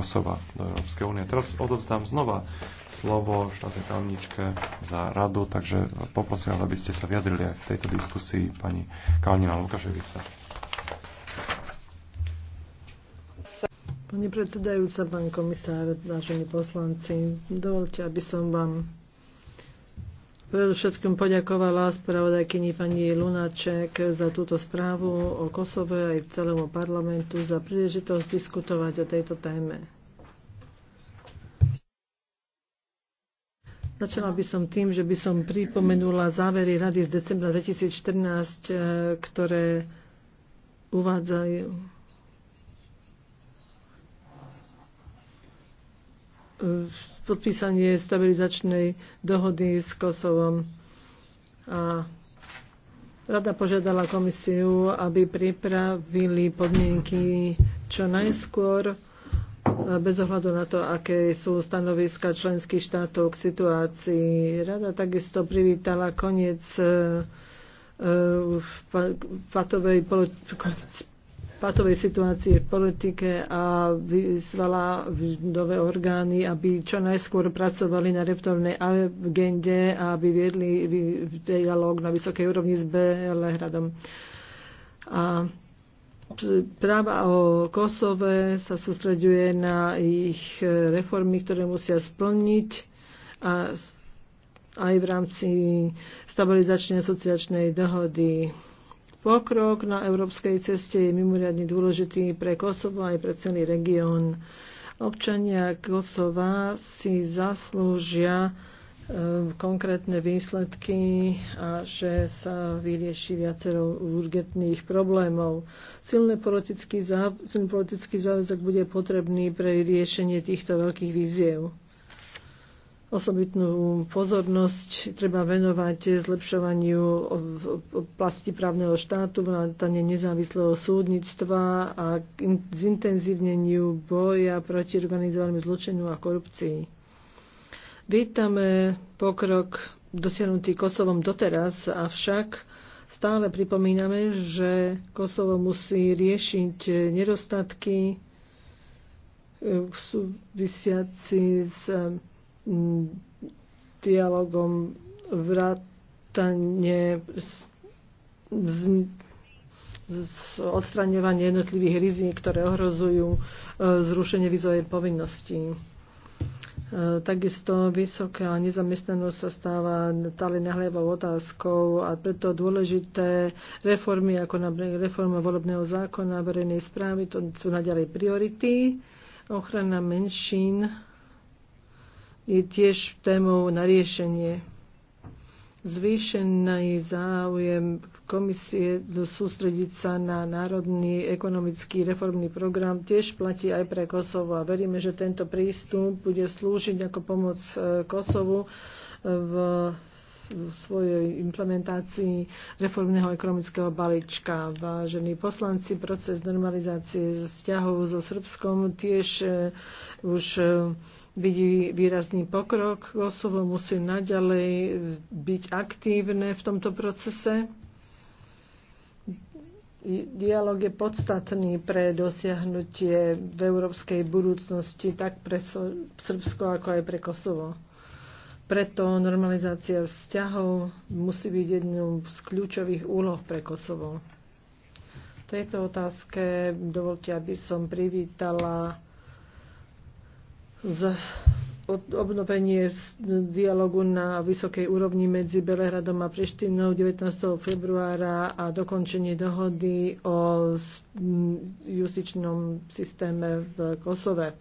Kosova do Európskej únie. Teraz odovzdám znova slovo štátnej kalničke za radu, takže poprosím aby ste sa vyjadrili aj v tejto diskusii pani Kalnina Lukaševica. Pani predsedajúca, pán komisár, vážení poslanci, dovolte, aby som vám Predovšetkým poďakovala spravodajkyni pani Lunaček za túto správu o Kosove aj celému parlamentu za príležitosť diskutovať o tejto téme. Začala by som tým, že by som pripomenula závery Rady z decembra 2014, eh, ktoré uvádzajú v eh, podpísanie stabilizačnej dohody s Kosovom. A Rada požiadala komisiu, aby pripravili podmienky čo najskôr, bez ohľadu na to, aké sú stanoviska členských štátov k situácii. Rada takisto privítala koniec patovej e, e, patovej situácie v politike a vyzvala nové orgány, aby čo najskôr pracovali na reformnej agende a aby viedli dialog na vysokej úrovni s Belehradom. A práva o Kosove sa sústreduje na ich reformy, ktoré musia splniť a aj v rámci stabilizačnej asociačnej dohody Pokrok na európskej ceste je mimoriadne dôležitý pre Kosovo aj pre celý región. Občania Kosova si zaslúžia e, konkrétne výsledky a že sa vyrieši viacero urgentných problémov. Silný politický, záv- silný politický záväzok bude potrebný pre riešenie týchto veľkých víziev osobitnú pozornosť treba venovať zlepšovaniu oblasti právneho štátu, vrátane nezávislého súdnictva a zintenzívneniu boja proti organizovanému zločinu a korupcii. Vítame pokrok dosiahnutý Kosovom doteraz, avšak stále pripomíname, že Kosovo musí riešiť nedostatky e, súvisiaci s dialogom vrátanie z, z, z odstraňovanie jednotlivých rizí, ktoré ohrozujú e, zrušenie vizovej povinnosti. E, takisto vysoká nezamestnanosť sa stáva stále nahlievou otázkou a preto dôležité reformy, ako napríklad reforma volebného zákona, verejnej správy, to sú naďalej priority. Ochrana menšín je tiež témou na riešenie. Zvýšený záujem komisie sústrediť sa na národný ekonomický reformný program tiež platí aj pre Kosovo a veríme, že tento prístup bude slúžiť ako pomoc e, Kosovu v v svojej implementácii reformného ekonomického balíčka. Vážení poslanci, proces normalizácie vzťahov so Srbskom tiež e, už e, vidí výrazný pokrok. Kosovo musí naďalej byť aktívne v tomto procese. Dialóg je podstatný pre dosiahnutie v európskej budúcnosti tak pre Srbsko, ako aj pre Kosovo. Preto normalizácia vzťahov musí byť jednou z kľúčových úloh pre Kosovo. V tejto otázke dovolte, aby som privítala z obnovenie dialogu na vysokej úrovni medzi Belehradom a Prištinou 19. februára a dokončenie dohody o justičnom systéme v Kosove.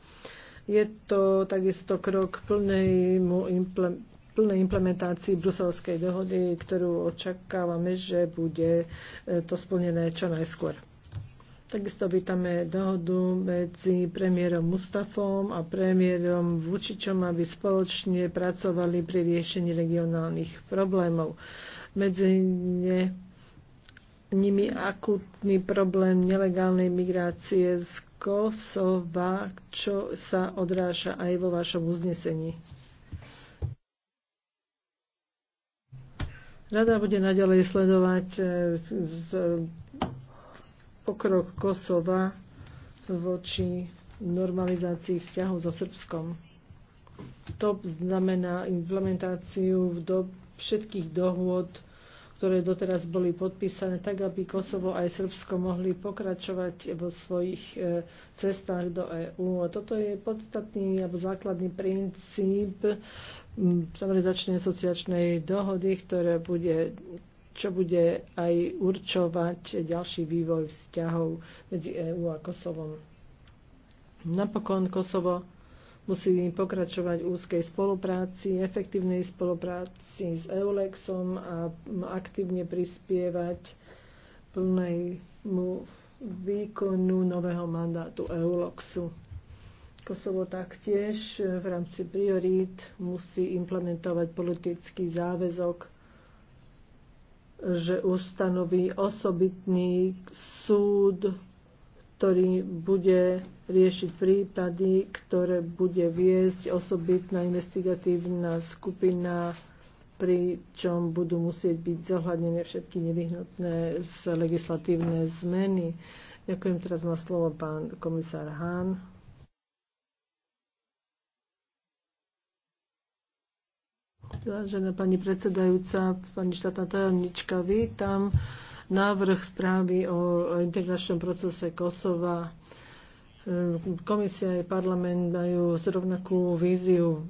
Je to takisto krok plnej plnej implementácii bruselskej dohody, ktorú očakávame, že bude e, to splnené čo najskôr. Takisto vítame dohodu medzi premiérom Mustafom a premiérom Vučičom, aby spoločne pracovali pri riešení regionálnych problémov. Medzi ne, nimi akutný problém nelegálnej migrácie z Kosova, čo sa odráža aj vo vašom uznesení. Rada bude naďalej sledovať e, pokrok Kosova voči normalizácii vzťahov so Srbskom. To znamená implementáciu do všetkých dohôd ktoré doteraz boli podpísané, tak aby Kosovo aj Srbsko mohli pokračovať vo svojich e, cestách do EÚ. Toto je podstatný alebo základný princíp samozrejme asociačnej dohody, ktoré bude čo bude aj určovať ďalší vývoj vzťahov medzi EÚ a Kosovom. Napokon Kosovo Musí pokračovať úzkej spolupráci, efektívnej spolupráci s EULEXom a aktívne prispievať plnému výkonu nového mandátu EULOXu. Kosovo taktiež v rámci priorít musí implementovať politický záväzok, že ustanoví osobitný súd ktorý bude riešiť prípady, ktoré bude viesť osobitná investigatívna skupina, pričom budú musieť byť zohľadnené všetky nevyhnutné legislatívne zmeny. Ďakujem teraz na slovo pán komisár Hahn. Vážená pani predsedajúca, pani štátna tajomnička, vítam návrh správy o integračnom procese Kosova. Ehm, Komisia aj parlament majú rovnakú víziu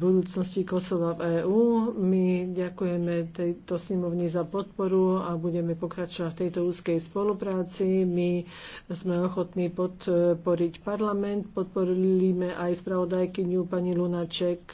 budúcnosti Kosova v EÚ. My ďakujeme tejto snimovni za podporu a budeme pokračovať v tejto úzkej spolupráci. My sme ochotní podporiť parlament, podporili sme aj spravodajkyňu pani Lunaček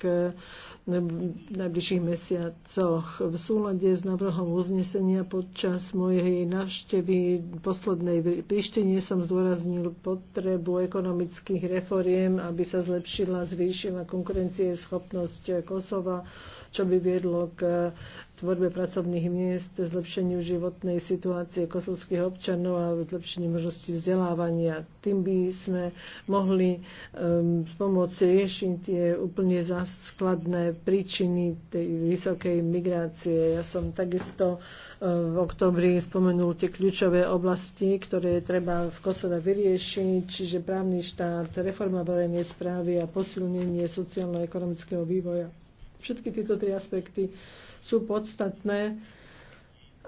najbližších mesiacoch. V súlade s návrhom uznesenia počas mojej návštevy poslednej príštine som zdôraznil potrebu ekonomických reforiem, aby sa zlepšila, zvýšila konkurencieschopnosť Kosova čo by viedlo k eh, tvorbe pracovných miest, zlepšeniu životnej situácie kosovských občanov a zlepšeniu možností vzdelávania. Tým by sme mohli um, pomôcť riešiť tie úplne zaskladné príčiny tej vysokej migrácie. Ja som takisto eh, v oktobri spomenul tie kľúčové oblasti, ktoré je treba v Kosove vyriešiť, čiže právny štát, reforma verejnej správy a posilnenie sociálno-ekonomického vývoja. Všetky tieto tri aspekty sú podstatné,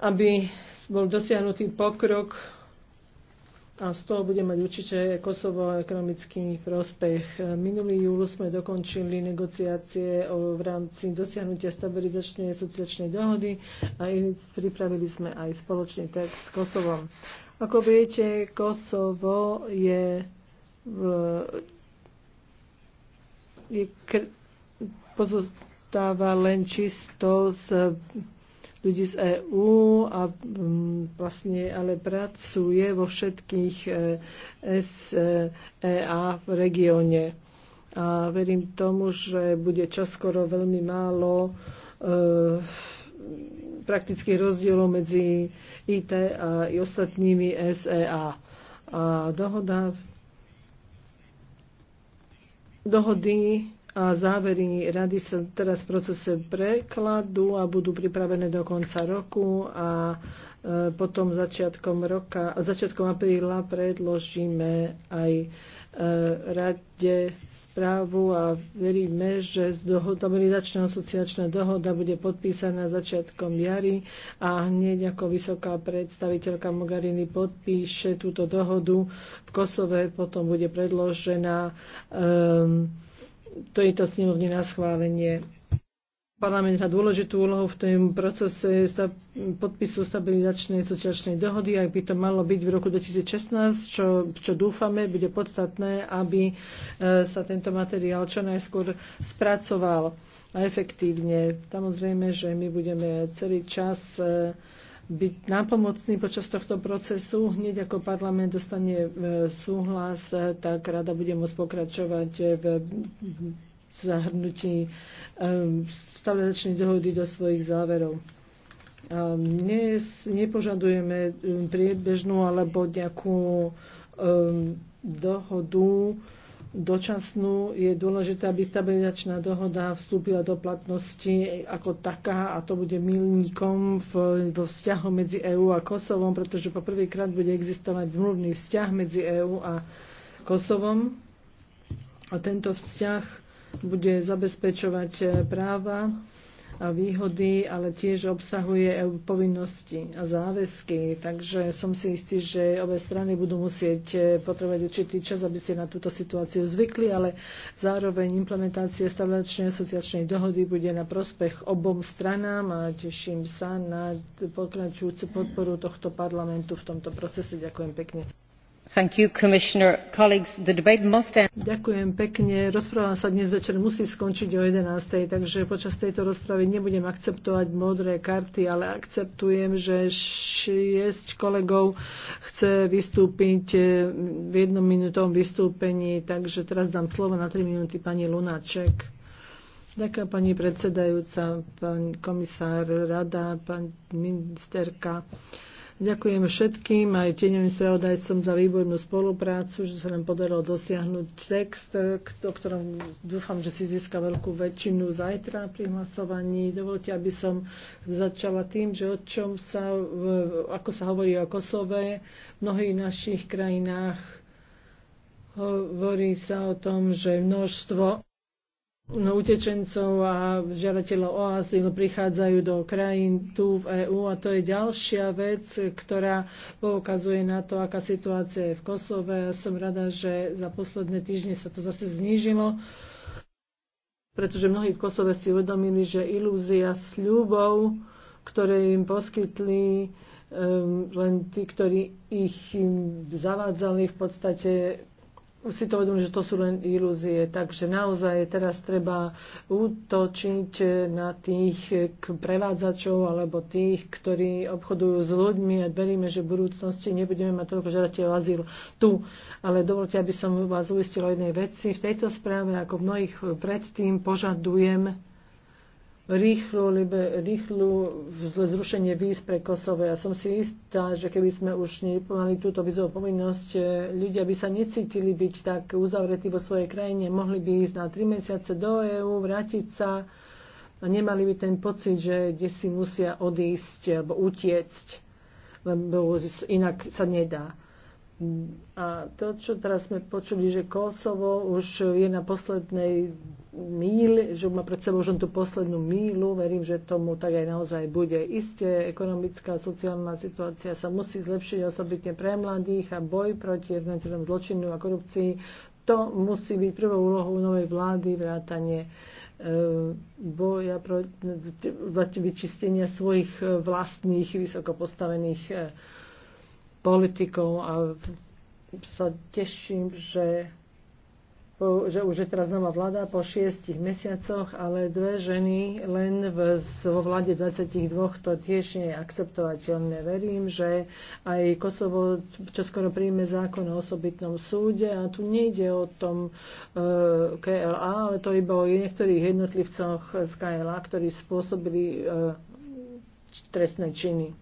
aby bol dosiahnutý pokrok a z toho bude mať určite Kosovo ekonomický prospech. Minulý júl sme dokončili negociácie o, v rámci dosiahnutia stabilizačnej a asociačnej dohody a pripravili sme aj spoločný text s Kosovom. Ako viete, Kosovo je, v, je kr- dostáva len čisto z ľudí z EÚ a mm, vlastne ale pracuje vo všetkých e, SEA v regióne. A verím tomu, že bude čoskoro veľmi málo e, praktických rozdielov medzi IT a i ostatnými SEA. A dohoda, dohody a závery rady sa teraz v procese prekladu a budú pripravené do konca roku a e, potom začiatkom, roka, začiatkom apríla predložíme aj e, rade správu a veríme, že z dohodabilizačná asociačná dohoda bude podpísaná začiatkom jary a hneď ako vysoká predstaviteľka Mogariny podpíše túto dohodu v Kosove, potom bude predložená um, tejto snemovne na schválenie. Parlament hrá dôležitú úlohu v tom procese podpisu stabilizačnej sociačnej dohody, ak by to malo byť v roku 2016, čo, čo dúfame, bude podstatné, aby e, sa tento materiál čo najskôr spracoval a efektívne. Samozrejme, že my budeme celý čas e, byť nápomocný počas tohto procesu. Hneď ako parlament dostane e, súhlas, e, tak rada bude môcť pokračovať v zahrnutí e, stavlečnej dohody do svojich záverov. Dnes nepožadujeme priebežnú alebo nejakú dohodu, dočasnú, je dôležité, aby stabilizačná dohoda vstúpila do platnosti ako taká a to bude milníkom v, vo vzťahu medzi EÚ a Kosovom, pretože poprvýkrát bude existovať zmluvný vzťah medzi EÚ a Kosovom a tento vzťah bude zabezpečovať eh, práva výhody, ale tiež obsahuje e, povinnosti a záväzky. Takže som si istý, že obe strany budú musieť e, potrebovať určitý čas, aby ste na túto situáciu zvykli, ale zároveň implementácia stavlačnej asociačnej dohody bude na prospech obom stranám a teším sa na pokračujúcu podporu tohto parlamentu v tomto procese. Ďakujem pekne. Ďakujem pekne. Rozpráva sa dnes večer musí skončiť o 11.00, takže počas tejto rozpravy nebudem akceptovať modré karty, ale akceptujem, že šiesť kolegov chce vystúpiť eh, v jednominútovom vystúpení, takže teraz dám slovo na tri minúty pani Lunáček. Ďakujem pani predsedajúca, pán komisár, rada, pani ministerka. Ďakujem všetkým aj tieňovým spravodajcom za výbornú spoluprácu, že sa nám podarilo dosiahnuť text, o ktorom dúfam, že si získa veľkú väčšinu zajtra pri hlasovaní. Dovolte, aby som začala tým, že o čom sa, ako sa hovorí o Kosove, v mnohých našich krajinách hovorí sa o tom, že množstvo No, utečencov a žiadateľov o azyl prichádzajú do krajín tu v EÚ a to je ďalšia vec, ktorá poukazuje na to, aká situácia je v Kosove. Ja som rada, že za posledné týždne sa to zase znížilo, pretože mnohí v Kosove si uvedomili, že ilúzia sľubov, ktoré im poskytli len tí, ktorí ich im zavádzali, v podstate si to vedomili, že to sú len ilúzie. Takže naozaj teraz treba útočiť na tých prevádzačov alebo tých, ktorí obchodujú s ľuďmi a veríme, že v budúcnosti nebudeme mať toľko žiadateľov azyl tu. Ale dovolte, aby som vás uistila o jednej veci. V tejto správe, ako v mnohých predtým, požadujem rýchlu, libe, rýchlu zrušenie víz pre Kosovo. Ja som si istá, že keby sme už nepomali túto vizovú povinnosť, e, ľudia by sa necítili byť tak uzavretí vo svojej krajine, mohli by ísť na tri mesiace do EÚ, vrátiť sa a nemali by ten pocit, že kde si musia odísť alebo utiecť, lebo inak sa nedá. A to, čo teraz sme počuli, že Kosovo už je na poslednej míl, že má pred sebou už tú poslednú mílu. Verím, že tomu tak aj naozaj bude. Isté, ekonomická a sociálna situácia sa musí zlepšiť osobitne pre mladých a boj proti jednotlivým zločinu a korupcii. To musí byť prvou úlohou novej vlády, vrátanie e, boja pro vyčistenia svojich e, vlastných vysokopostavených e, politikov a sa teším, že po, že už je teraz nová vláda po šiestich mesiacoch, ale dve ženy len v, vo vláde 22 to tiež nie je akceptovateľné. Verím, že aj Kosovo čoskoro príjme zákon o osobitnom súde a tu nejde o tom e, eh, KLA, ale to iba o niektorých jednotlivcoch z KLA, ktorí spôsobili e, trestné činy.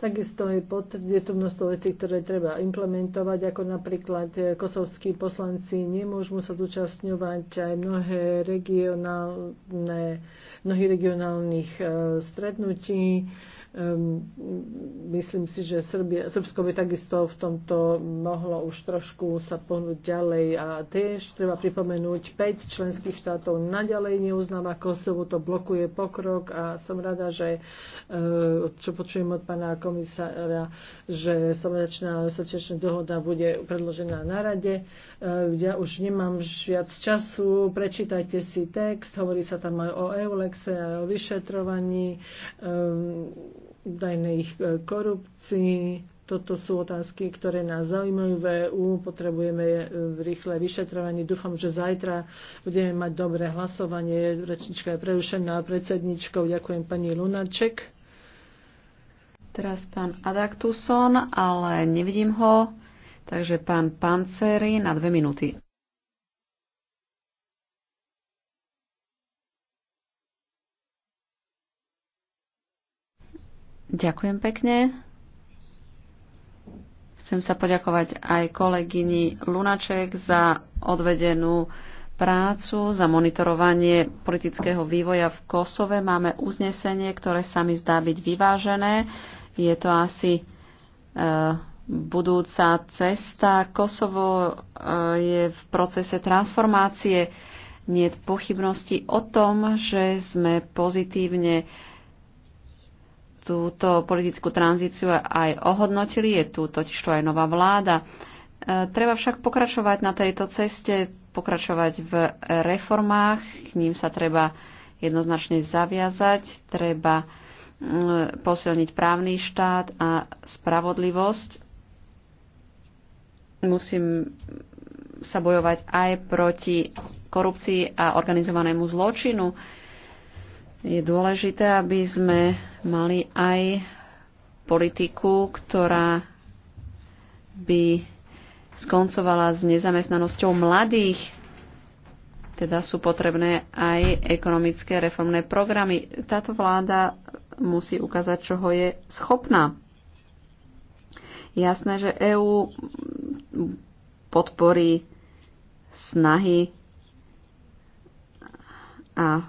Takisto je, pot, je tu množstvo vecí, ktoré treba implementovať, ako napríklad eh, kosovskí poslanci nemôžu sa zúčastňovať aj mnohé regionálne, mnohých regionálnych eh, stretnutí Ehm, myslím si, že Srbie, Srbsko by takisto v tomto mohlo už trošku sa pohnúť ďalej. A tiež treba pripomenúť, 5 členských štátov naďalej neuznáva Kosovo, to blokuje pokrok a som rada, že eh, čo počujem od pána komisára, že samozrečná sočiačná dohoda bude predložená na rade. Eh, ja už nemám viac času, prečítajte si text, hovorí sa tam aj o Eulexe, aj o vyšetrovaní ehm, údajnej ich e, korupcii. Toto sú otázky, ktoré nás zaujímajú v EU. Potrebujeme e, rýchle vyšetrovanie. Dúfam, že zajtra budeme mať dobré hlasovanie. Rečnička je prerušená predsedničkou. Ďakujem pani Lunaček. Teraz pán Adaktuson, ale nevidím ho. Takže pán Pancery na dve minúty. Ďakujem pekne. Chcem sa poďakovať aj kolegyni Lunaček za odvedenú prácu, za monitorovanie politického vývoja v Kosove. Máme uznesenie, ktoré sa mi zdá byť vyvážené. Je to asi e, budúca cesta. Kosovo e, je v procese transformácie. Nie pochybnosti o tom, že sme pozitívne túto politickú tranzíciu aj ohodnotili. Je tu totiž to aj nová vláda. E, treba však pokračovať na tejto ceste, pokračovať v reformách, k ním sa treba jednoznačne zaviazať, treba e, posilniť právny štát a spravodlivosť. Musím sa bojovať aj proti korupcii a organizovanému zločinu je dôležité, aby sme mali aj politiku, ktorá by skoncovala s nezamestnanosťou mladých. Teda sú potrebné aj ekonomické reformné programy. Táto vláda musí ukázať, čoho je schopná. Jasné, že EÚ podporí snahy a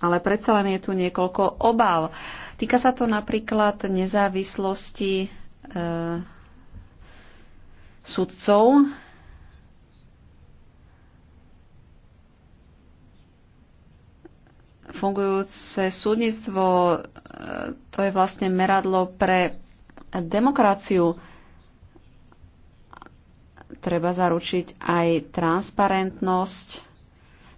ale predsa len je tu niekoľko obáv. Týka sa to napríklad nezávislosti e, sudcov. Fungujúce súdnictvo, e, to je vlastne meradlo pre demokraciu. Treba zaručiť aj transparentnosť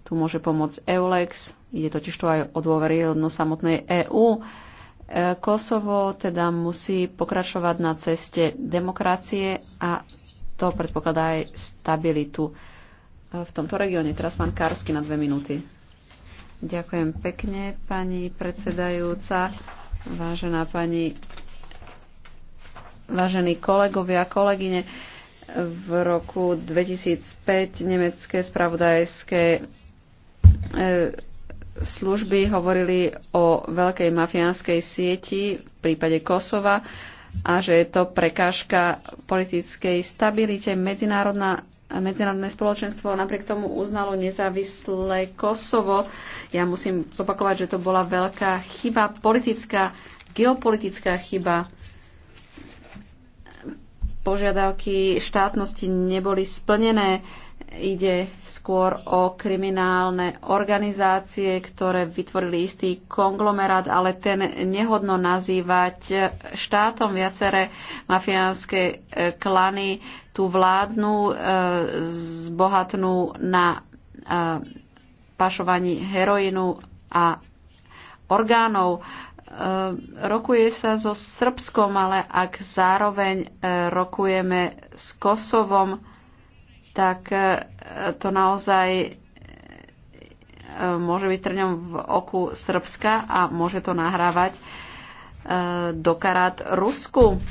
tu môže pomôcť EULEX, ide totiž tu aj o dôveryhodnosť samotnej EÚ. E, Kosovo teda musí pokračovať na ceste demokracie a to predpokladá aj stabilitu e, v tomto regióne. Teraz pán Karsky na dve minúty. Ďakujem pekne, pani predsedajúca, vážená pani, vážení kolegovia kolegyne. V roku 2005 nemecké spravodajské E, služby hovorili o veľkej mafiánskej sieti v prípade Kosova a že je to prekážka politickej stabilite. Medzinárodná medzinárodné spoločenstvo napriek tomu uznalo nezávislé Kosovo. Ja musím zopakovať, že to bola veľká chyba, politická, geopolitická chyba. Požiadavky štátnosti neboli splnené. Ide skôr o kriminálne organizácie, ktoré vytvorili istý konglomerát, ale ten nehodno nazývať štátom. Viaceré mafiánske e, klany tu vládnu, e, zbohatnú na e, pašovaní heroínu a orgánov rokuje sa so Srbskom, ale ak zároveň rokujeme s Kosovom, tak e, to naozaj e, môže byť trňom v oku Srbska a môže to nahrávať e, do karát Rusku.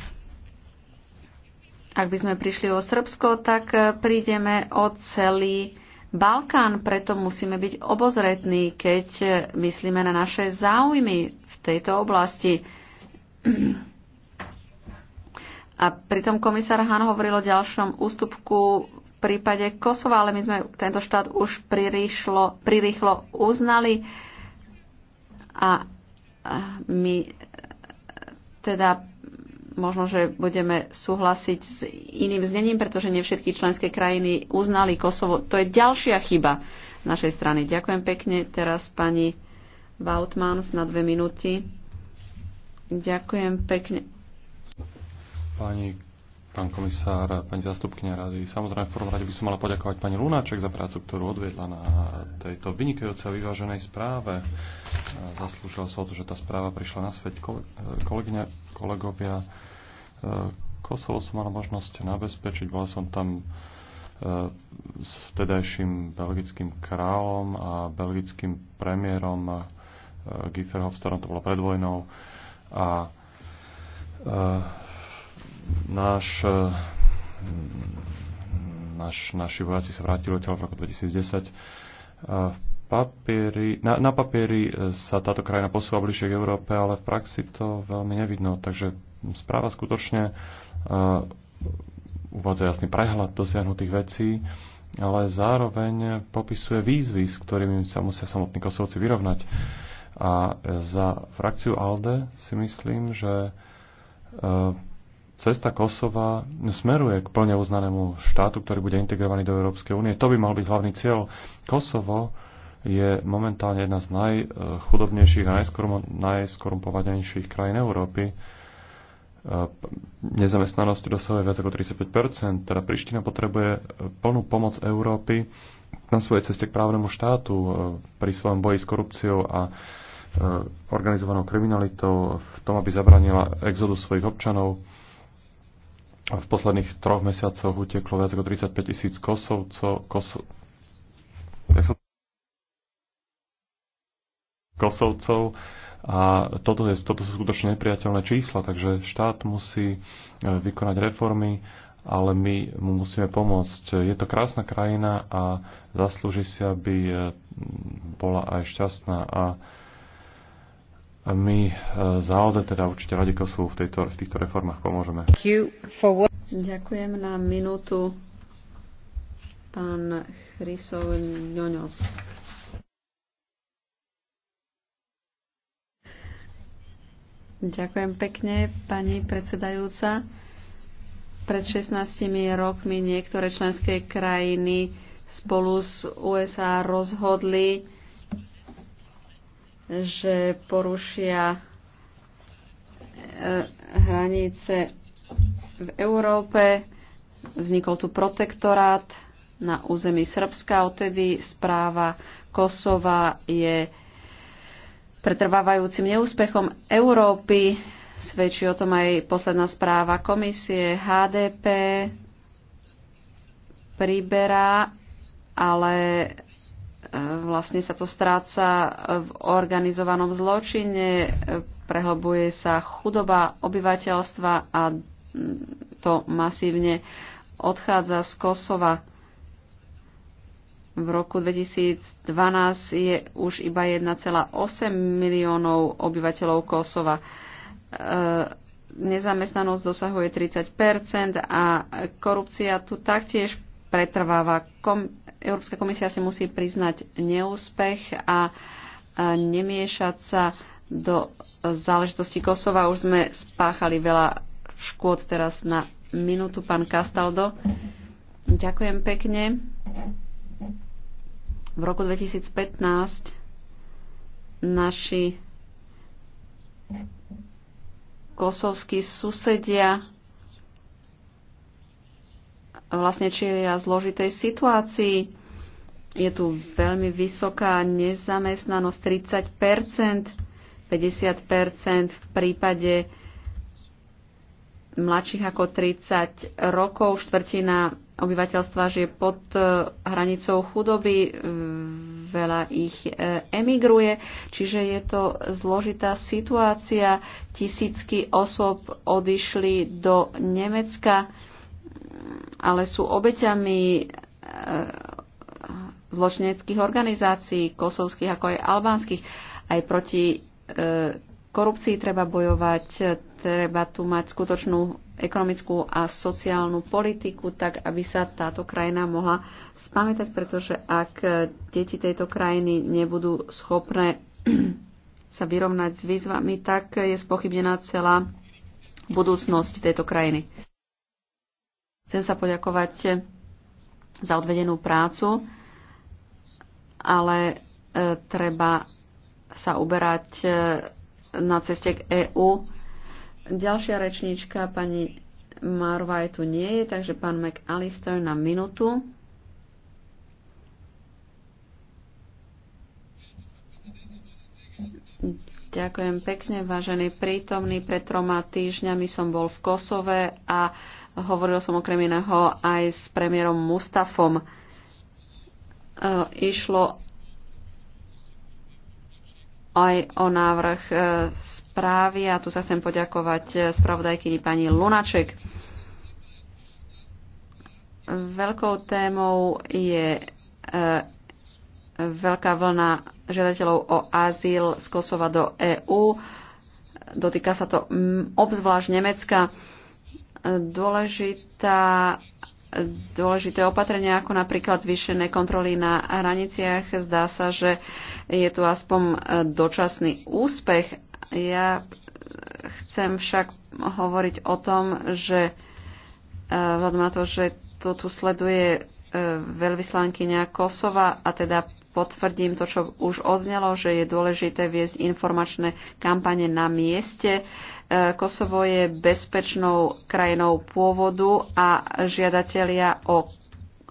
Ak by sme prišli o Srbsko, tak prídeme o celý Balkán, preto musíme byť obozretní, keď myslíme na naše záujmy v tejto oblasti. A pritom komisár Han hovoril o ďalšom ústupku prípade Kosova, ale my sme tento štát už prirýchlo, prirýchlo uznali a my e, teda možno, že budeme súhlasiť s iným znením, pretože nie všetky členské krajiny uznali Kosovo. To je ďalšia chyba z našej strany. Ďakujem pekne. Teraz pani Vautmans na dve minúty. Ďakujem pekne. Pani pán komisár, pani zastupkynia rady. Samozrejme, v prvom rade by som mala poďakovať pani Lunáček za prácu, ktorú odvedla na tejto vynikajúcej a vyváženej správe. Zaslúžila sa o to, že tá správa prišla na svet kolegyňa kolegovia. Eh, Kosovo som mala možnosť nabezpečiť. Bola som tam eh, s vtedajším belgickým kráľom a belgickým premiérom eh, Gifferhofstadom, to bolo pred vojnou. A náš, eh, náš, naši vojaci sa vrátili odtiaľ v roku 2010. papieri, na, na papieri eh, sa táto krajina posúva bližšie k Európe, ale v praxi to veľmi nevidno. Takže správa skutočne uh, uvádza jasný prehľad dosiahnutých vecí, ale zároveň popisuje výzvy, s ktorými sa musia samotní Kosovci vyrovnať. A za frakciu ALDE si myslím, že uh, cesta Kosova smeruje k plne uznanému štátu, ktorý bude integrovaný do Európskej únie. To by mal byť hlavný cieľ. Kosovo je momentálne jedna z najchudobnejších a najskorumpovanejších krajín Európy. Nezamestnanosť dosahuje viac ako 35 teda Priština potrebuje plnú pomoc Európy na svojej ceste k právnemu štátu e, pri svojom boji s korupciou a e, organizovanou kriminalitou, v tom, aby zabranila exodu svojich občanov v posledných troch mesiacoch uteklo viac ako 35 tisíc kosovcov, koso, som, kosovcov a toto, je, toto sú skutočne nepriateľné čísla, takže štát musí e, vykonať reformy, ale my mu musíme pomôcť. Je to krásna krajina a zaslúži si, aby e, bola aj šťastná a my e, za ODE teda určite radi v, tejto, v týchto reformách pomôžeme. Ďakujem na minútu pán Chrysov Ňoňos. Ďakujem pekne, pani predsedajúca. Pred 16 rokmi niektoré členské krajiny spolu s USA rozhodli, že porušia e, hranice v Európe. Vznikol tu protektorát na území Srbska. Odtedy správa Kosova je pretrvávajúcim neúspechom Európy. Svedčí o tom aj posledná správa komisie HDP priberá, ale vlastne sa to stráca v organizovanom zločine, prehlbuje sa chudoba obyvateľstva a to masívne odchádza z Kosova. V roku 2012 je už iba 1,8 miliónov obyvateľov Kosova. E, nezamestnanosť dosahuje 30 a korupcia tu taktiež pretrváva. Európska komisia si musí priznať neúspech a nemiešať sa do záležitosti Kosova. Už sme spáchali veľa škôd teraz na minútu. Pán Castaldo, ďakujem pekne. V roku 2015 naši kosovskí susedia vlastne čelia zložitej situácii. Je tu veľmi vysoká nezamestnanosť 30 50 v prípade mladších ako 30 rokov, štvrtina obyvateľstva žije pod e, hranicou chudoby, e, veľa ich e, emigruje, čiže je to zložitá situácia. Tisícky osôb odišli do Nemecka ale sú obeťami e, zločineckých organizácií, kosovských ako aj albánskych. Aj proti e, korupcii treba bojovať, treba tu mať skutočnú ekonomickú a sociálnu politiku, tak aby sa táto krajina mohla spamätať, pretože ak deti tejto krajiny nebudú schopné sa vyrovnať s výzvami, tak je spochybnená celá budúcnosť tejto krajiny. Chcem sa poďakovať za odvedenú prácu, ale e, treba sa uberať e, na ceste k EÚ. Ďalšia rečníčka, pani Marva, tu nie je, takže pán McAllister na minutu. Ďakujem pekne, vážený prítomný. Pred troma týždňami som bol v Kosove a Hovoril som okrem iného aj s premiérom Mustafom. E, išlo aj o návrh e, správy a tu sa chcem poďakovať e, spravodajkyni pani Lunaček. Veľkou témou je veľká vlna žiadateľov o azyl z Kosova do EÚ. Dotýka sa to obzvlášť Nemecka dôležitá dôležité opatrenia, ako napríklad zvýšené kontroly na hraniciach. Zdá sa, že je tu aspoň e, dočasný úspech. Ja chcem však hovoriť o tom, že e, vzhľadom na to, že to tu sleduje e, veľvyslankyňa Kosova a teda potvrdím to, čo už odznelo, že je dôležité viesť informačné kampane na mieste. E, Kosovo je bezpečnou krajinou pôvodu a žiadatelia o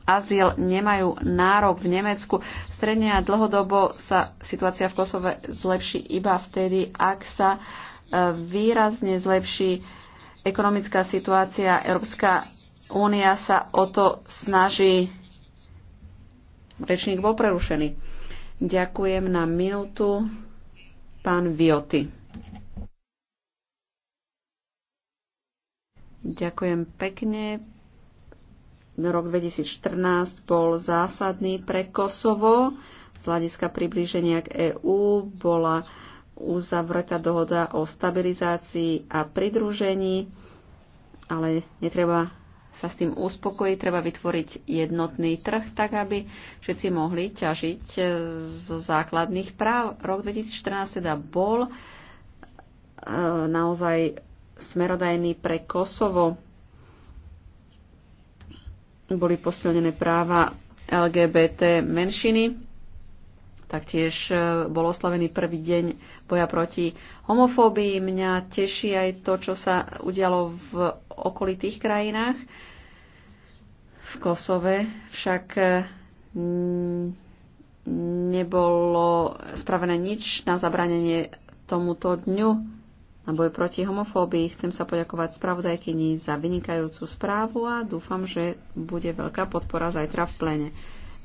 azyl nemajú nárok v Nemecku. Stredne a dlhodobo sa situácia v Kosove zlepší iba vtedy, ak sa e, výrazne zlepší ekonomická situácia. Európska únia sa o to snaží Rečník bol prerušený. Ďakujem na minútu. Pán Vioty. Ďakujem pekne. Rok 2014 bol zásadný pre Kosovo. Z hľadiska priblíženia k EÚ bola uzavretá dohoda o stabilizácii a pridružení, ale netreba sa s tým uspokojí. Treba vytvoriť jednotný trh, tak aby všetci mohli ťažiť e, z základných práv. Rok 2014 teda bol e, naozaj smerodajný pre Kosovo. Boli posilnené práva LGBT menšiny Taktiež e, bol oslavený prvý deň boja proti homofóbii. Mňa teší aj to, čo sa udialo v okolitých krajinách. V Kosove však e, nebolo spravené nič na zabranenie tomuto dňu na boj proti homofóbii. Chcem sa poďakovať spravodajkyni za vynikajúcu správu a dúfam, že bude veľká podpora zajtra v plene.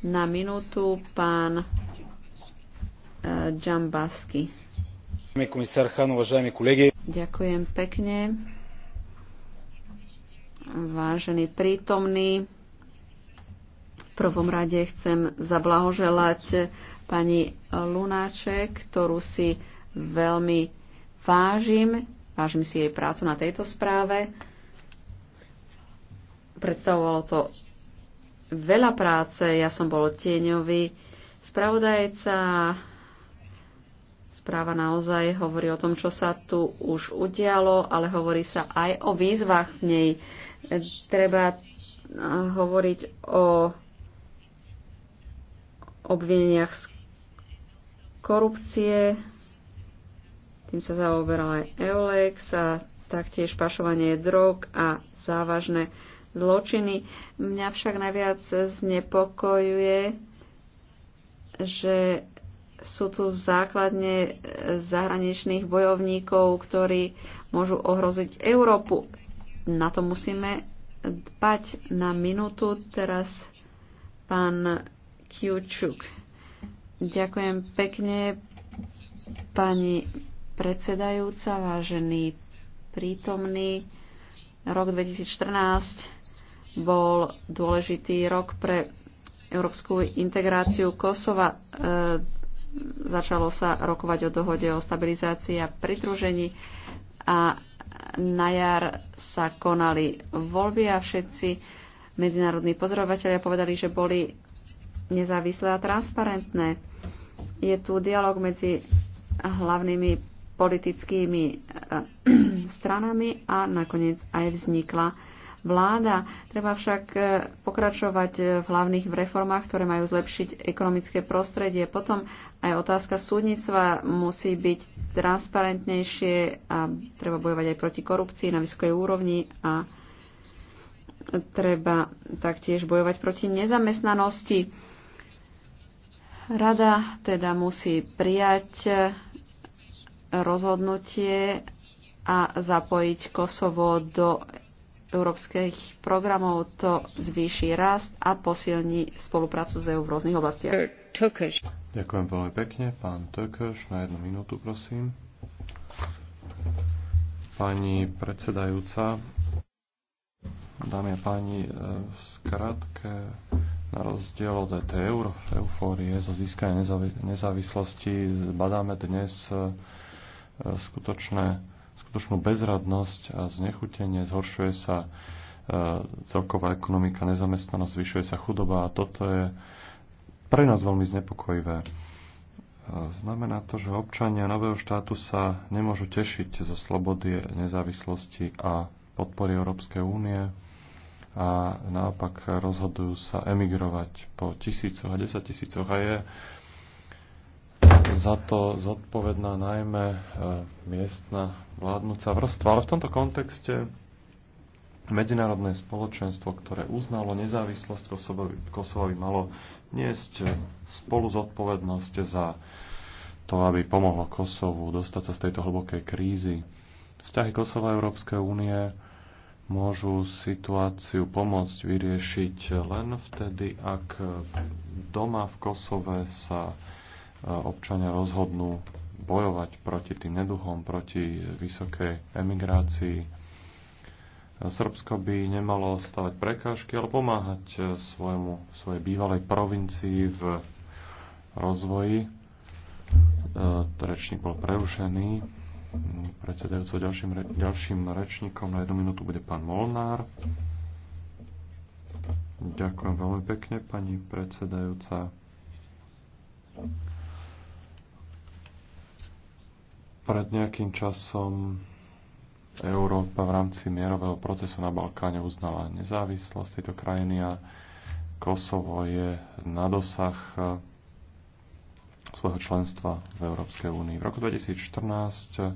Na minútu pán Džambasky. Ďakujem pekne. Vážený prítomní, v prvom rade chcem zablahoželať pani Lunáček, ktorú si veľmi vážim. Vážim si jej prácu na tejto správe. Predstavovalo to veľa práce. Ja som bol tieňový spravodajca Správa naozaj hovorí o tom, čo sa tu už udialo, ale hovorí sa aj o výzvach v nej. Treba eh, hovoriť o obvineniach z korupcie, tým sa zaoberal aj Eulex a taktiež pašovanie drog a závažné zločiny. Mňa však najviac znepokojuje, že sú tu základne e, zahraničných bojovníkov, ktorí môžu ohroziť Európu. Na to musíme dbať na minútu. Teraz pán Kiučuk. Ďakujem pekne, pani predsedajúca, vážený prítomný. Rok 2014 bol dôležitý rok pre európsku integráciu Kosova. E, Začalo sa rokovať o dohode o stabilizácii a pridružení a na jar sa konali voľby a všetci medzinárodní pozorovateľia povedali, že boli nezávislé a transparentné. Je tu dialog medzi hlavnými politickými eh, stranami a nakoniec aj vznikla vláda. Treba však e, pokračovať e, v hlavných reformách, ktoré majú zlepšiť ekonomické prostredie. Potom aj otázka súdnictva musí byť transparentnejšie a treba bojovať aj proti korupcii na vysokej úrovni a treba taktiež bojovať proti nezamestnanosti. Rada teda musí prijať e, rozhodnutie a zapojiť Kosovo do európskych programov to zvýši rast a posilní spoluprácu s EU v rôznych oblastiach. Ďakujem veľmi pekne. Pán Tökeš, na jednu minútu, prosím. Pani predsedajúca, dámy a páni, e, v skratke, na rozdiel od tej eur, eufórie zo získania nezávislosti, badáme dnes e, e, skutočné skutočnú bezradnosť a znechutenie, zhoršuje sa e, celková ekonomika, nezamestnanosť, zvyšuje sa chudoba a toto je pre nás veľmi znepokojivé. E, znamená to, že občania nového štátu sa nemôžu tešiť zo slobody, nezávislosti a podpory Európskej únie a naopak rozhodujú sa emigrovať po tisícoch a desaťtisícoch a je za to zodpovedná najmä e, miestna vládnúca vrstva. Ale v tomto kontexte medzinárodné spoločenstvo, ktoré uznalo nezávislosť Kosova, by malo niesť e, spolu zodpovednosť za to, aby pomohlo Kosovu dostať sa z tejto hlbokej krízy. Vzťahy Kosova a Európskej únie môžu situáciu pomôcť vyriešiť len vtedy, ak doma v Kosove sa občania rozhodnú bojovať proti tým neduchom, proti vysokej emigrácii. Srbsko by nemalo stavať prekážky, ale pomáhať eh, svojmu, svojej bývalej provincii v rozvoji. Eh, rečník bol prerušený. Predsedajúco ďalším, ďalším rečníkom na jednu minútu bude pán Molnár. Ďakujem veľmi pekne, pani predsedajúca. Pred nejakým časom Európa v rámci mierového procesu na Balkáne uznala nezávislosť tejto krajiny a Kosovo je na dosah e, svojho členstva v Európskej únii. V roku 2014 e,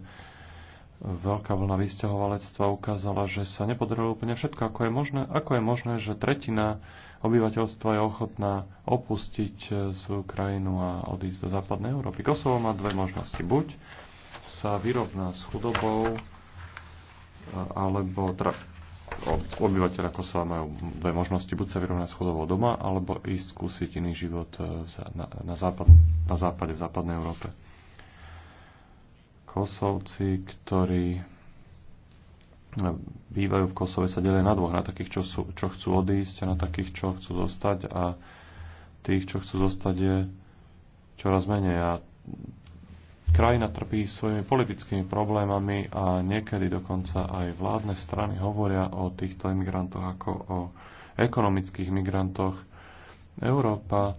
veľká vlna vysťahovalectva ukázala, že sa nepodarilo úplne všetko. Ako je možné, ako je možné že tretina obyvateľstva je ochotná opustiť e, svoju krajinu a odísť do západnej Európy? Kosovo má dve možnosti. Buď sa vyrovná s chudobou alebo teda obyvateľ ako sa majú dve možnosti, buď sa vyrovná s chudobou doma, alebo ísť skúsiť iný život e, na, na, západ, na západe, v západnej Európe. Kosovci, ktorí e, bývajú v Kosove, sa delia na dvoch, na takých, čo, sú, čo chcú odísť a na takých, čo chcú zostať a tých, čo chcú zostať, je čoraz menej a Krajina trpí svojimi politickými problémami a niekedy dokonca aj vládne strany hovoria o týchto imigrantoch ako o ekonomických migrantoch. Európa e,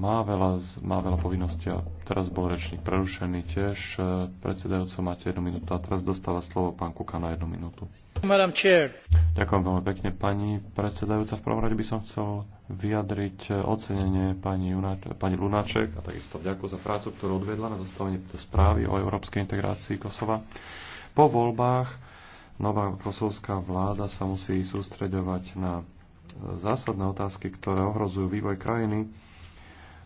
má veľa, má veľa povinností a teraz bol rečník prerušený tiež. E, Predsedajúco, máte jednu minútu a teraz dostáva slovo pán Kuka na jednu minútu. Madam Chair. Ďakujem veľmi pekne, pani predsedajúca. V prvom rade by som chcel vyjadriť e, ocenenie pani, Junač- pani Lunaček a takisto vďaku za prácu, ktorú odvedla na zastavenie správy o európskej integrácii Kosova. Po voľbách nová kosovská vláda sa musí sústreďovať na e, zásadné otázky, ktoré ohrozujú vývoj krajiny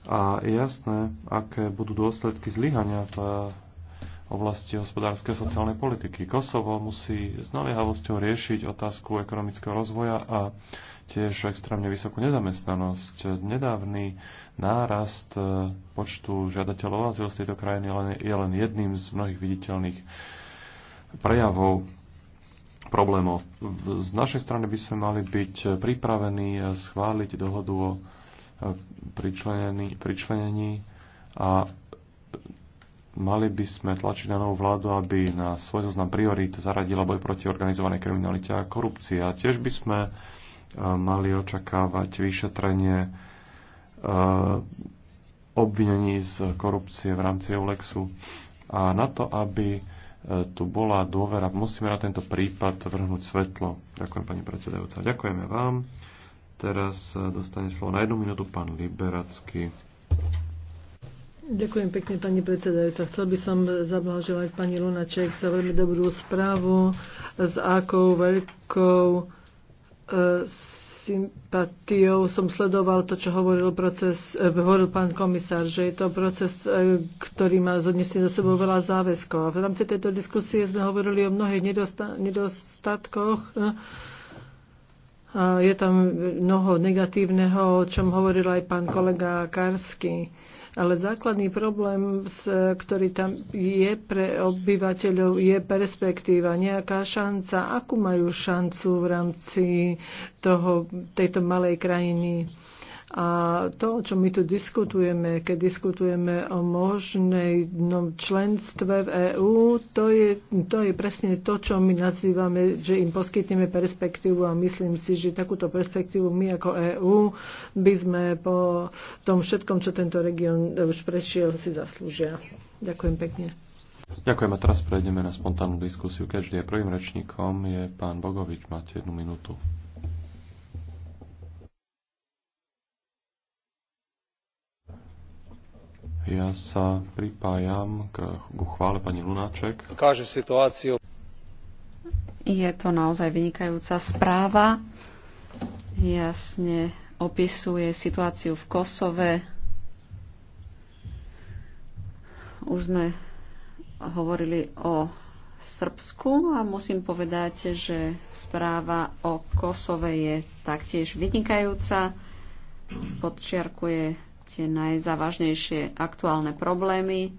a je jasné, aké budú dôsledky zlyhania v eh, oblasti hospodárskej a sociálnej politiky. Kosovo musí s naliehavosťou riešiť otázku ekonomického rozvoja a tiež extrémne vysokú nezamestnanosť. Nedávny nárast eh, počtu žiadateľov azyl z tejto krajiny je len jedným z mnohých viditeľných prejavov problémov. Z našej strany by sme mali byť pripravení schváliť dohodu o pričlenení, pričlenení a mali by sme tlačiť na novú vládu, aby na svoj zoznam priorít zaradila boj proti organizovanej kriminalite a korupcii. A tiež by sme e, mali očakávať vyšetrenie e, obvinení z korupcie v rámci Eulexu. A na to, aby e, tu bola dôvera, musíme na tento prípad vrhnúť svetlo. Ďakujem, pani predsedajúca. Ďakujeme vám. Teraz e, dostane slovo na jednu minútu pán Liberacký. Ďakujem pekne, pani predsedajúca. Chcel by som zablahoželať pani Lunaček za veľmi dobrú správu, s akou veľkou e, sympatiou som sledoval to, čo hovoril, proces, e, hovoril pán komisár, že je to proces, e, ktorý má zodnesie do sebou veľa záväzkov. A v rámci tejto diskusie sme hovorili o mnohých nedosta- nedostatkoch. E, je tam mnoho negatívneho, o čom hovoril aj pán kolega Karsky. Ale základný problém, ktorý tam je pre obyvateľov, je perspektíva, nejaká šanca. Akú majú šancu v rámci toho, tejto malej krajiny? A to, o čo čom my tu diskutujeme, keď diskutujeme o možnej členstve v EÚ, to je, to je presne to, čo my nazývame, že im poskytneme perspektívu a myslím si, že takúto perspektívu my ako EÚ by sme po tom všetkom, čo tento región už prešiel, si zaslúžia. Ďakujem pekne. Ďakujem a teraz prejdeme na spontánnu diskusiu. Každý je prvým rečníkom je pán Bogovič. Máte jednu minútu. Ja sa pripájam k, k chvále pani Lunáček. Káže situáciu. Je to naozaj vynikajúca správa. Jasne opisuje situáciu v Kosove. Už sme hovorili o Srbsku a musím povedať, že správa o Kosove je taktiež vynikajúca. Podčiarkuje tie najzávažnejšie aktuálne problémy.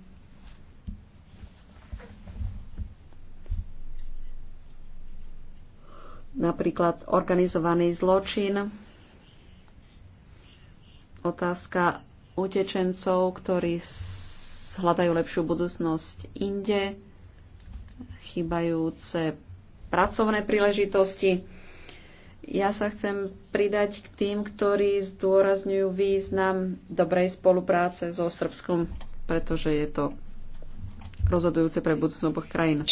Napríklad organizovaný zločin, otázka utečencov, ktorí hľadajú lepšiu budúcnosť inde, chýbajúce pracovné príležitosti. Ja sa chcem pridať k tým, ktorí zdôrazňujú význam dobrej spolupráce so Srbskom, pretože je to rozhodujúce pre budúcnosť oboch krajín.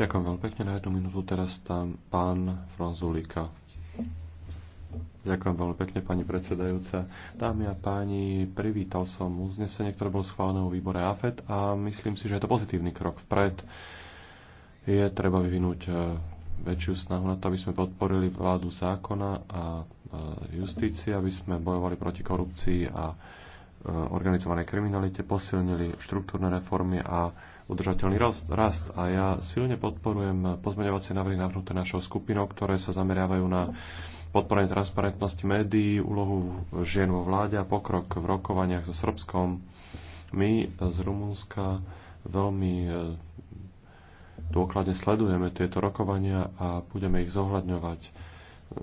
Ďakujem veľmi pekne. Na jednu minútu teraz tam pán Franzulika. Ďakujem veľmi pekne, pani predsedajúca. Dámy a páni, privítal som uznesenie, ktoré bolo schválené vo výbore AFED a myslím si, že je to pozitívny krok vpred. Je treba vyvinúť eh, väčšiu snahu na to, aby sme podporili vládu zákona a e, justície, aby sme bojovali proti korupcii a e, organizovanej kriminalite, posilnili štruktúrne reformy a udržateľný rast, rast. A ja silne podporujem pozmeňovacie návrhy navrhnuté našou skupinou, ktoré sa zameriavajú na podporenie transparentnosti médií, úlohu žien vo vláde a pokrok v rokovaniach so Srbskom. My z Rumunska veľmi e, dôkladne sledujeme tieto rokovania a budeme ich zohľadňovať.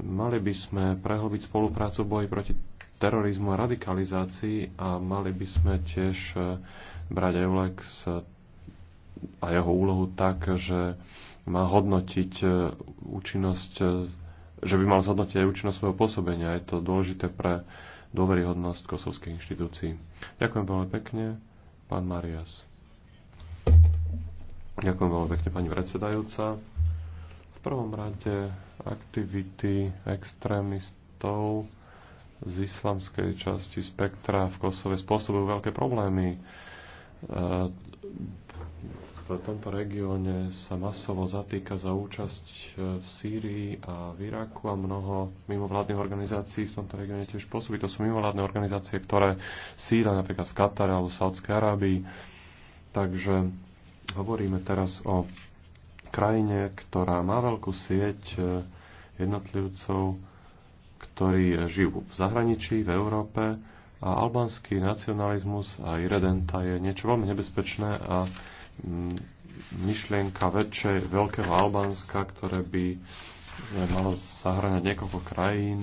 Mali by sme prehlbiť spoluprácu v boji proti terorizmu a radikalizácii a mali by sme tiež e, brať EULEX a jeho úlohu tak, že má hodnotiť e, účinnosť, e, že by mal zhodnotiť aj účinnosť svojho pôsobenia. Je to dôležité pre dôveryhodnosť kosovských inštitúcií. Ďakujem veľmi pekne, pán Marias. Ďakujem veľmi pekne, pani predsedajúca. V prvom rade aktivity extrémistov z islamskej časti spektra v Kosove spôsobujú veľké problémy. E, v tomto regióne sa masovo zatýka za účasť e, v Sýrii a v Iraku a mnoho mimovládnych organizácií v tomto regióne tiež pôsobí. To sú mimovládne organizácie, ktoré sídla napríklad v Katare alebo v Saudskej Arábii. Takže Hovoríme teraz o krajine, ktorá má veľkú sieť e, jednotlivcov, ktorí žijú v zahraničí, v Európe a albánsky nacionalizmus a Iredenta je niečo veľmi nebezpečné a myšlienka väčšej veľkého Albánska, ktoré by e, malo zahrňať niekoľko krajín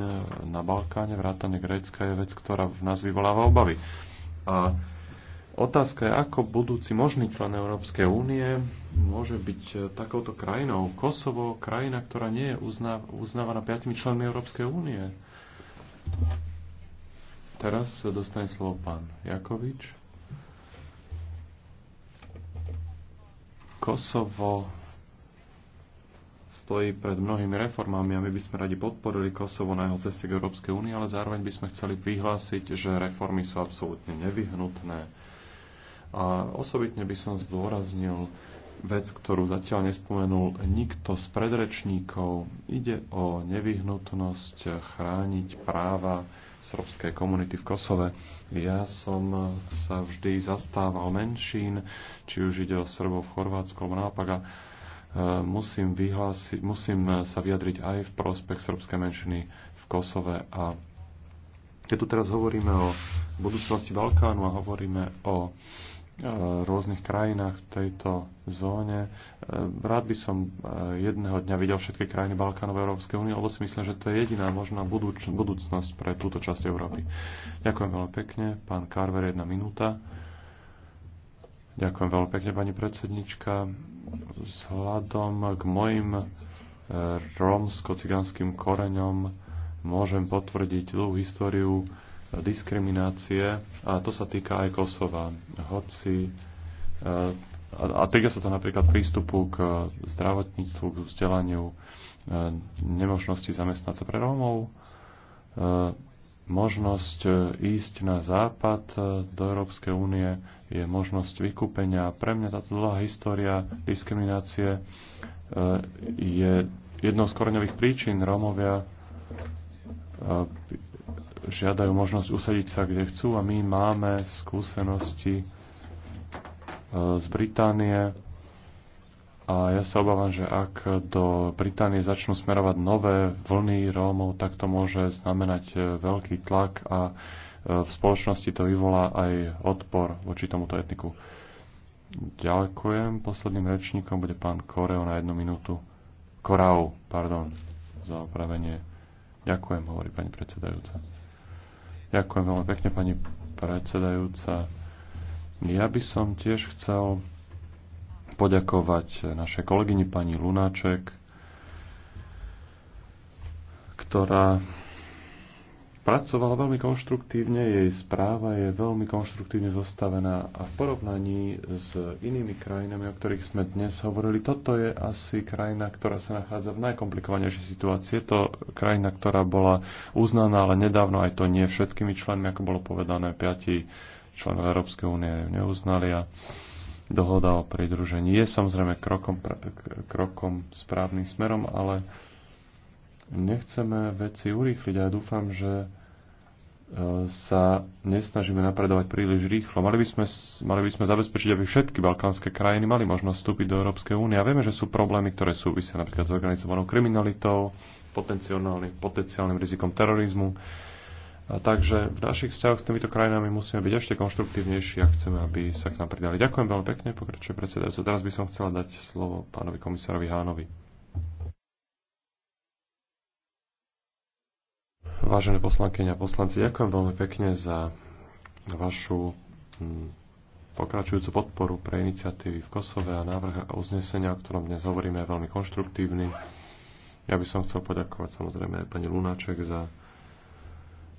na Balkáne, vrátane Grécka, je vec, ktorá v nás vyvoláva obavy. A Otázka je, ako budúci možný člen Európskej únie môže byť eh, takouto krajinou. Kosovo, krajina, ktorá nie je uznávaná piatimi členmi Európskej únie. Teraz dostane slovo pán Jakovič. Kosovo stojí pred mnohými reformami a my by sme radi podporili Kosovo na jeho ceste k Európskej únii, ale zároveň by sme chceli vyhlásiť, že reformy sú absolútne nevyhnutné a osobitne by som zdôraznil vec, ktorú zatiaľ nespomenul nikto z predrečníkov. Ide o nevyhnutnosť chrániť práva srbskej komunity v Kosove. Ja som sa vždy zastával menšín, či už ide o Srbov v Chorvátsku alebo naopak. A e, musím, vyhlási, musím sa vyjadriť aj v prospech srbskej menšiny v Kosove. A keď tu teraz hovoríme o budúcnosti Balkánu a hovoríme o rôznych krajinách v tejto zóne. E, rád by som e, jedného dňa videl všetky krajiny Balkánov Európskej únie, lebo si myslím, že to je jediná možná budúč- budúcnosť pre túto časť Európy. Ďakujem veľmi pekne. Pán Carver, jedna minúta. Ďakujem veľmi pekne, pani predsednička. Vzhľadom k mojim e, rómsko-cigánskym koreňom môžem potvrdiť dlhú históriu diskriminácie a to sa týka aj Kosova. Hoci eh, a týka sa to napríklad prístupu k zdravotníctvu, k vzdelaniu, eh, nemožnosti zamestnať sa pre Rómov, eh, možnosť ísť na západ do Európskej únie, je možnosť vykúpenia. Pre mňa táto dlhá história diskriminácie je jednou z koreňových príčin. Rómovia žiadajú možnosť usadiť sa, kde chcú a my máme skúsenosti e, z Británie a ja sa obávam, že ak do Británie začnú smerovať nové vlny Rómov, tak to môže znamenať e, veľký tlak a e, v spoločnosti to vyvolá aj odpor voči tomuto etniku. Ďakujem. Posledným rečníkom bude pán Koreo na jednu minútu. Korau, pardon, za opravenie. Ďakujem, hovorí pani predsedajúca. Ďakujem veľmi pekne, pani predsedajúca. Ja by som tiež chcel poďakovať našej kolegyni pani Lunáček, ktorá pracovala veľmi konštruktívne, jej správa je veľmi konštruktívne zostavená a v porovnaní s inými krajinami, o ktorých sme dnes hovorili, toto je asi krajina, ktorá sa nachádza v najkomplikovanejšej situácii. Je to krajina, ktorá bola uznaná, ale nedávno aj to nie všetkými členmi, ako bolo povedané, piati členov Európskej únie ju neuznali a dohoda o pridružení je samozrejme krokom, krokom správnym smerom, ale nechceme veci urýchliť a dúfam, že e, sa nesnažíme napredovať príliš rýchlo. Mali by, sme, mali by sme zabezpečiť, aby všetky balkánske krajiny mali možnosť vstúpiť do Európskej únie. A vieme, že sú problémy, ktoré súvisia napríklad s organizovanou kriminalitou, potenciálnym, potenciálnym rizikom terorizmu. A takže v našich vzťahoch s týmito krajinami musíme byť ešte konštruktívnejší a chceme, aby sa k nám pridali. Ďakujem veľmi pekne, pokračuje predsedajúca. Teraz by som chcela dať slovo pánovi komisárovi Hánovi. Vážené poslankyne a poslanci, ďakujem veľmi pekne za vašu hm, pokračujúcu podporu pre iniciatívy v Kosove a návrh a uznesenia, o ktorom dnes hovoríme, je veľmi konštruktívny. Ja by som chcel poďakovať samozrejme aj pani Lunáček za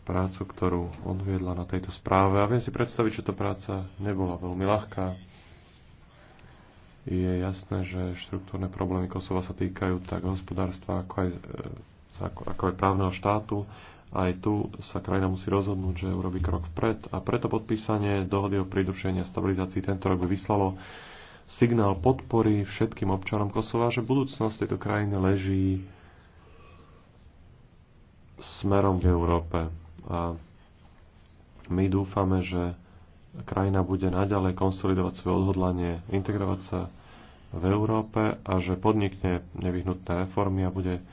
prácu, ktorú odviedla na tejto správe. A viem si predstaviť, že to práca nebola veľmi ľahká. Je jasné, že štruktúrne problémy Kosova sa týkajú tak hospodárstva, ako aj, e, ako aj právneho štátu. Aj tu sa krajina musí rozhodnúť, že urobí krok vpred a preto podpísanie dohody o pridružení a stabilizácii tento rok by vyslalo signál podpory všetkým občanom Kosova, že budúcnosť tejto krajiny leží smerom k Európe. A my dúfame, že krajina bude naďalej konsolidovať svoje odhodlanie, integrovať sa v Európe a že podnikne nevyhnutné reformy a bude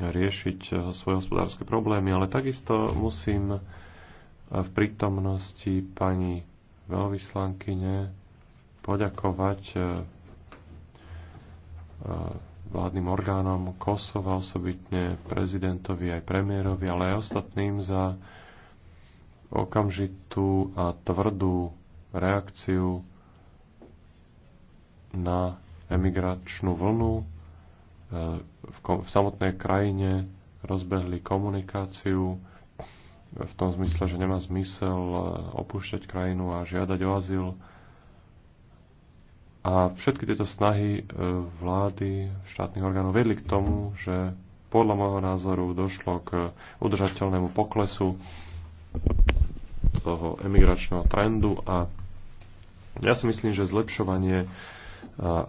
riešiť eh, svoje hospodárske problémy, ale takisto musím eh, v prítomnosti pani veľvyslankyne poďakovať eh, vládnym orgánom Kosova, osobitne prezidentovi aj premiérovi, ale aj ostatným za okamžitú a tvrdú reakciu na emigračnú vlnu v, v samotnej krajine rozbehli komunikáciu v tom zmysle, že nemá zmysel e, opúšťať krajinu a žiadať o azyl. A všetky tieto snahy e, vlády, štátnych orgánov vedli k tomu, že podľa môjho názoru došlo k udržateľnému poklesu toho emigračného trendu a ja si myslím, že zlepšovanie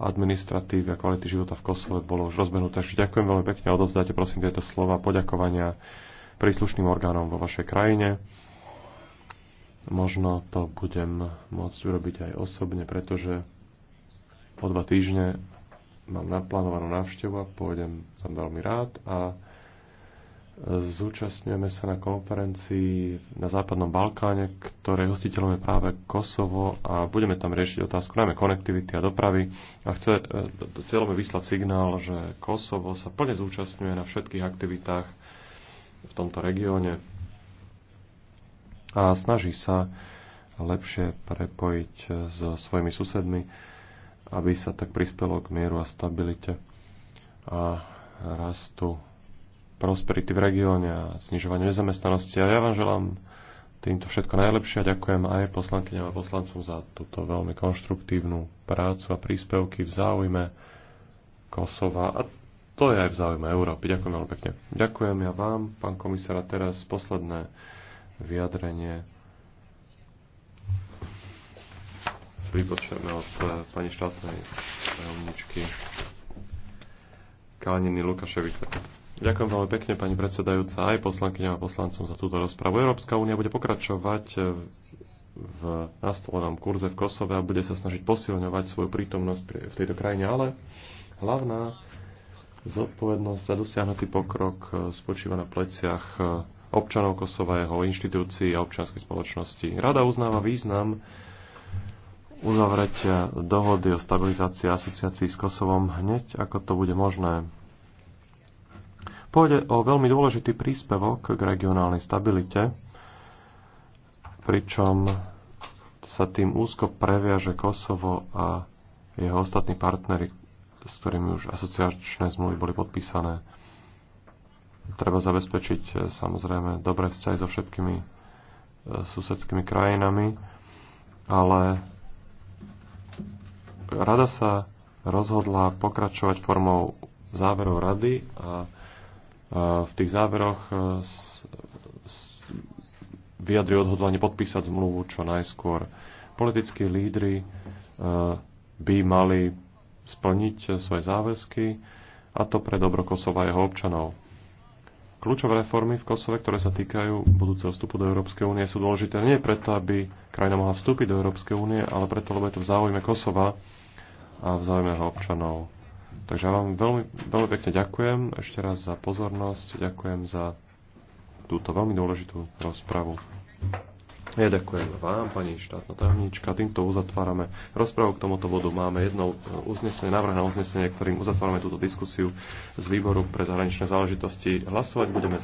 administratívy a kvality života v Kosove bolo už rozbehnuté. Takže ďakujem veľmi pekne a odovzdáte prosím tieto slova poďakovania príslušným orgánom vo vašej krajine. Možno to budem môcť urobiť aj osobne, pretože o dva týždne mám naplánovanú návštevu a pôjdem tam veľmi rád a Zúčastňujeme sa na konferencii na Západnom Balkáne, ktorej hostiteľom je práve Kosovo a budeme tam riešiť otázku najmä konektivity a dopravy. A chce, e, cieľom je vyslať signál, že Kosovo sa plne zúčastňuje na všetkých aktivitách v tomto regióne a snaží sa lepšie prepojiť e, so svojimi susedmi, aby sa tak prispelo k mieru a stabilite a rastu prosperity v regióne a znižovanie nezamestnanosti. A ja vám želám týmto všetko najlepšie a ďakujem aj poslankyňam a poslancom za túto veľmi konštruktívnu prácu a príspevky v záujme Kosova a to je aj v záujme Európy. Ďakujem veľmi pekne. Ďakujem ja vám, pán komisár, a teraz posledné vyjadrenie si vypočujeme od eh, pani štátnej tajomničky Kalniny Lukaševice. Ďakujem veľmi pekne, pani predsedajúca, aj poslankyňam a poslancom za túto rozpravu. Európska únia bude pokračovať v nastolenom kurze v Kosove a bude sa snažiť posilňovať svoju prítomnosť v tejto krajine, ale hlavná zodpovednosť za dosiahnutý pokrok e, spočíva na pleciach e, občanov Kosova, jeho inštitúcií a občianskej spoločnosti. Rada uznáva význam uzavretia dohody o stabilizácii asociácií s Kosovom hneď, ako to bude možné. Pôjde o veľmi dôležitý príspevok k regionálnej stabilite, pričom sa tým úzko previaže Kosovo a jeho ostatní partnery, s ktorými už asociačné zmluvy boli podpísané. Treba zabezpečiť e, samozrejme dobré vzťahy so všetkými e, susedskými krajinami, ale rada sa rozhodla pokračovať formou záverov rady a v tých záveroch e, vyjadri odhodlanie podpísať zmluvu čo najskôr. Politickí lídry e, by mali splniť svoje záväzky, a to pre dobro Kosova a jeho občanov. Kľúčové reformy v Kosove, ktoré sa týkajú budúceho vstupu do Európskej únie, sú dôležité nie preto, aby krajina mohla vstúpiť do Európskej únie, ale preto, lebo je to v záujme Kosova a v záujme jeho občanov. Takže vám veľmi, veľmi pekne ďakujem ešte raz za pozornosť, ďakujem za túto veľmi dôležitú rozpravu. Ja ďakujem vám, pani štátna tajomníčka. Týmto uzatvárame rozpravu k tomuto bodu. Máme jedno uznesenie, návrh na uznesenie, ktorým uzatvárame túto diskusiu z výboru pre zahraničné záležitosti. Hlasovať budeme za